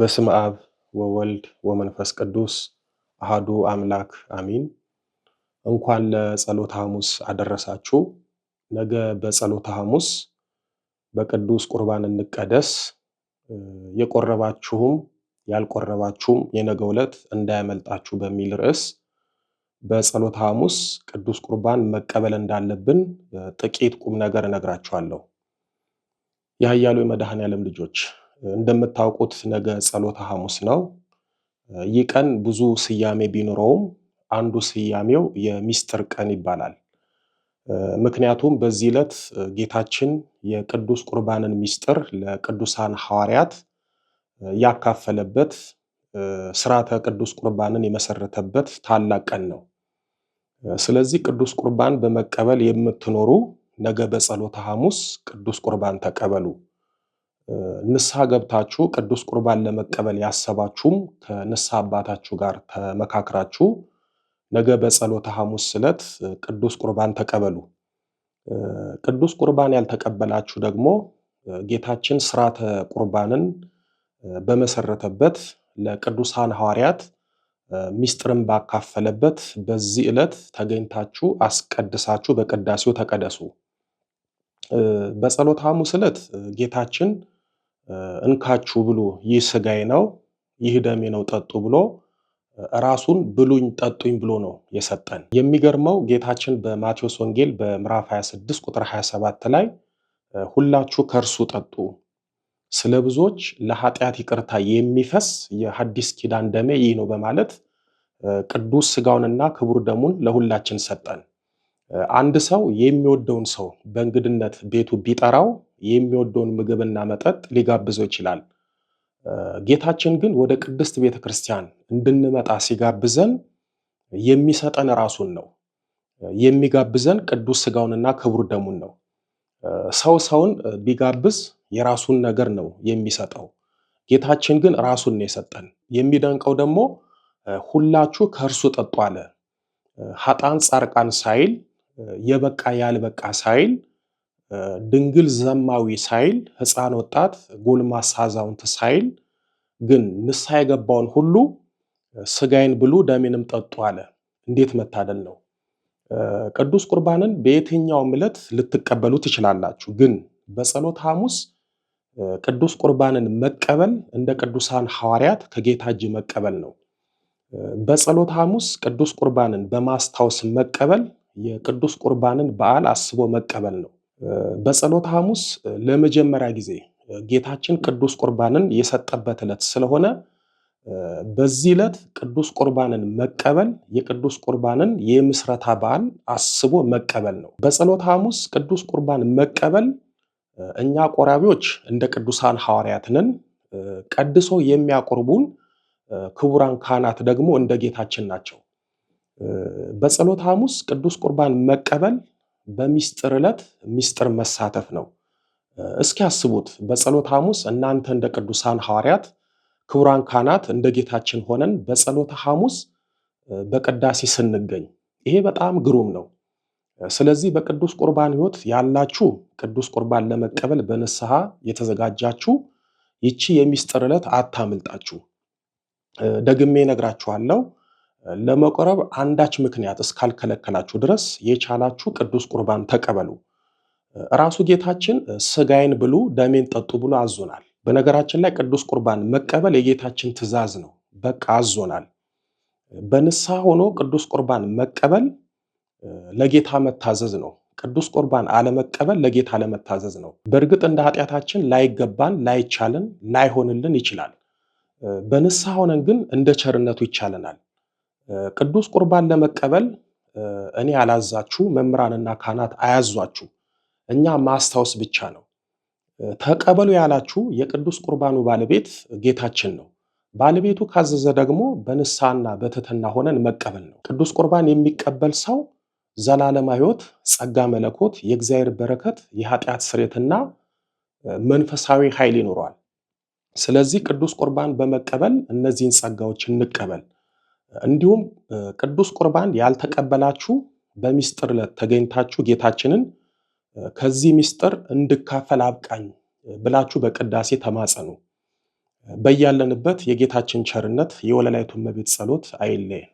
በስም አብ ወወልድ ወመንፈስ ቅዱስ አህዱ አምላክ አሚን። እንኳን ለጸሎተ ሐሙስ አደረሳችሁ። ነገ በጸሎተ ሐሙስ በቅዱስ ቁርባን እንቀደስ። የቆረባችሁም ያልቆረባችሁም የነገ ዕለት እንዳያመልጣችሁ በሚል ርዕስ በጸሎተ ሐሙስ ቅዱስ ቁርባን መቀበል እንዳለብን ጥቂት ቁም ነገር እነግራችኋለሁ። የኃያሉ የመድኃኔ ዓለም ልጆች እንደምታውቁት ነገ ጸሎተ ሐሙስ ነው። ይህ ቀን ብዙ ስያሜ ቢኖረውም አንዱ ስያሜው የሚስጥር ቀን ይባላል። ምክንያቱም በዚህ ዕለት ጌታችን የቅዱስ ቁርባንን ሚስጥር ለቅዱሳን ሐዋርያት ያካፈለበት ስርዓተ ቅዱስ ቁርባንን የመሰረተበት ታላቅ ቀን ነው። ስለዚህ ቅዱስ ቁርባን በመቀበል የምትኖሩ ነገ በጸሎተ ሐሙስ ቅዱስ ቁርባን ተቀበሉ። ንስሐ ገብታችሁ ቅዱስ ቁርባን ለመቀበል ያሰባችሁም ከንስሐ አባታችሁ ጋር ተመካክራችሁ ነገ በጸሎተ ሐሙስ ዕለት ቅዱስ ቁርባን ተቀበሉ። ቅዱስ ቁርባን ያልተቀበላችሁ ደግሞ ጌታችን ስርዓተ ቁርባንን በመሰረተበት ለቅዱሳን ሐዋርያት ሚስጥርን ባካፈለበት በዚህ ዕለት ተገኝታችሁ አስቀድሳችሁ በቅዳሴው ተቀደሱ። በጸሎተ ሐሙስ ዕለት ጌታችን እንካችሁ ብሉ፣ ይህ ስጋዬ ነው፣ ይህ ደሜ ነው፣ ጠጡ ብሎ ራሱን ብሉኝ ጠጡኝ ብሎ ነው የሰጠን። የሚገርመው ጌታችን በማቴዎስ ወንጌል በምዕራፍ 26 ቁጥር 27 ላይ ሁላችሁ ከእርሱ ጠጡ፣ ስለ ብዙዎች ለኃጢአት ይቅርታ የሚፈስ የሐዲስ ኪዳን ደሜ ይህ ነው በማለት ቅዱስ ስጋውንና ክቡር ደሙን ለሁላችን ሰጠን። አንድ ሰው የሚወደውን ሰው በእንግድነት ቤቱ ቢጠራው የሚወደውን ምግብና መጠጥ ሊጋብዘው ይችላል። ጌታችን ግን ወደ ቅድስት ቤተ ክርስቲያን እንድንመጣ ሲጋብዘን የሚሰጠን ራሱን ነው። የሚጋብዘን ቅዱስ ስጋውንና ክቡር ደሙን ነው። ሰው ሰውን ቢጋብዝ የራሱን ነገር ነው የሚሰጠው። ጌታችን ግን ራሱን ነው የሰጠን። የሚደንቀው ደግሞ ሁላችሁ ከእርሱ ጠጡ አለ። ኃጥአን ሳይል የበቃ ያልበቃ ሳይል ድንግል ዘማዊ ሳይል ህፃን ወጣት ጎልማሳ አዛውንት ሳይል ግን ንስሐ የገባውን ሁሉ ስጋይን ብሉ ደሜንም ጠጡ አለ። እንዴት መታደል ነው! ቅዱስ ቁርባንን በየትኛውም ዕለት ልትቀበሉ ትችላላችሁ። ግን በጸሎት ሐሙስ ቅዱስ ቁርባንን መቀበል እንደ ቅዱሳን ሐዋርያት ከጌታ እጅ መቀበል ነው። በጸሎት ሐሙስ ቅዱስ ቁርባንን በማስታወስ መቀበል የቅዱስ ቁርባንን በዓል አስቦ መቀበል ነው። በጸሎተ ሐሙስ ለመጀመሪያ ጊዜ ጌታችን ቅዱስ ቁርባንን የሰጠበት ዕለት ስለሆነ በዚህ ዕለት ቅዱስ ቁርባንን መቀበል የቅዱስ ቁርባንን የምስረታ በዓል አስቦ መቀበል ነው። በጸሎተ ሐሙስ ቅዱስ ቁርባን መቀበል እኛ ቆራቢዎች እንደ ቅዱሳን ሐዋርያት ነን። ቀድሶ የሚያቆርቡን ክቡራን ካህናት ደግሞ እንደ ጌታችን ናቸው። በጸሎት ሐሙስ ቅዱስ ቁርባን መቀበል በሚስጥር ዕለት ሚስጥር መሳተፍ ነው። እስኪ አስቡት። በጸሎት ሐሙስ እናንተ እንደ ቅዱሳን ሐዋርያት ክቡራን ካህናት እንደ ጌታችን ሆነን በጸሎተ ሐሙስ በቅዳሴ ስንገኝ ይሄ በጣም ግሩም ነው። ስለዚህ በቅዱስ ቁርባን ሕይወት ያላችሁ ቅዱስ ቁርባን ለመቀበል በንስሐ የተዘጋጃችሁ ይቺ የሚስጥር ዕለት አታምልጣችሁ። ደግሜ ነግራችኋለሁ። ለመቆረብ አንዳች ምክንያት እስካልከለከላችሁ ድረስ የቻላችሁ ቅዱስ ቁርባን ተቀበሉ። ራሱ ጌታችን ስጋዬን ብሉ፣ ደሜን ጠጡ ብሎ አዞናል። በነገራችን ላይ ቅዱስ ቁርባን መቀበል የጌታችን ትእዛዝ ነው። በቃ አዞናል። በንስሐ ሆኖ ቅዱስ ቁርባን መቀበል ለጌታ መታዘዝ ነው። ቅዱስ ቁርባን አለመቀበል ለጌታ አለመታዘዝ ነው። በእርግጥ እንደ ኃጢአታችን ላይገባን፣ ላይቻልን፣ ላይሆንልን ይችላል። በንስሐ ሆነን ግን እንደ ቸርነቱ ይቻለናል። ቅዱስ ቁርባን ለመቀበል እኔ ያላዛችሁ መምህራንና ካህናት አያዟችሁ። እኛ ማስታወስ ብቻ ነው። ተቀበሉ ያላችሁ የቅዱስ ቁርባኑ ባለቤት ጌታችን ነው። ባለቤቱ ካዘዘ ደግሞ በንስሐና በትትና ሆነን መቀበል ነው። ቅዱስ ቁርባን የሚቀበል ሰው ዘላለም ሕይወት፣ ጸጋ መለኮት፣ የእግዚአብሔር በረከት፣ የኃጢአት ስሬትና መንፈሳዊ ኃይል ይኖረዋል። ስለዚህ ቅዱስ ቁርባን በመቀበል እነዚህን ጸጋዎች እንቀበል። እንዲሁም ቅዱስ ቁርባን ያልተቀበላችሁ በሚስጥር ዕለት ተገኝታችሁ ጌታችንን ከዚህ ሚስጥር እንድካፈል አብቃኝ ብላችሁ በቅዳሴ ተማጸኑ። በያለንበት የጌታችን ቸርነት የወለላይቱ እመቤት ጸሎት አይለየን።